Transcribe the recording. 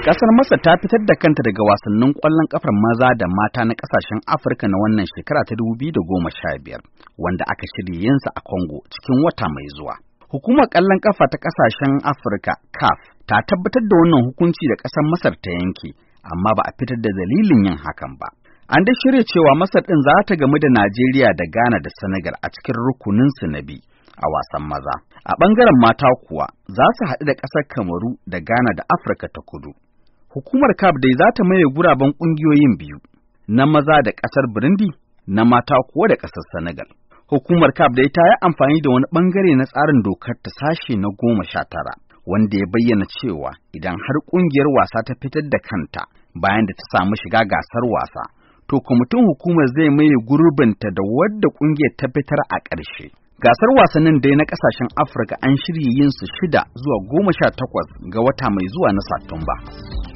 Kasar Masar ta fitar da kanta daga wasannin kwallon ƙafar maza da mata na ƙasashen Afirka na wannan shekara ta da goma sha biyar, wanda aka shirya yinsa a Congo cikin wata mai zuwa. Hukumar ƙwallon ƙafa ta ƙasashen Afirka CAF ta tabbatar da wannan hukunci da ƙasar Masar ta yanke, amma ba a fitar da dalilin yin hakan ba. An da shirya cewa Masar ɗin za ta gamu da Najeriya da Ghana da Senegal a cikin rukuninsu na bi a wasan maza. A ɓangaren mata kuwa za su haɗu da ƙasar Kamaru da Ghana da Afirka ta kudu. Hukumar CAF dai za ta maye guraben ƙungiyoyin biyu, na maza da ƙasar Burundi, na mata kuwa da ƙasar Senegal. Hukumar CAF dai ta yi amfani da wani ɓangare na tsarin dokar ta sashe na goma sha tara, wanda ya bayyana cewa idan har ƙungiyar wasa ta fitar da kanta bayan da ta samu shiga gasar wasa, to kwamitin hukumar zai maye gurbinta da wadda ƙungiyar ta fitar a ƙarshe. Gasar wasannin dai na ƙasashen Afirka an shirya yin su shida zuwa goma sha takwas ga wata mai zuwa na Satumba.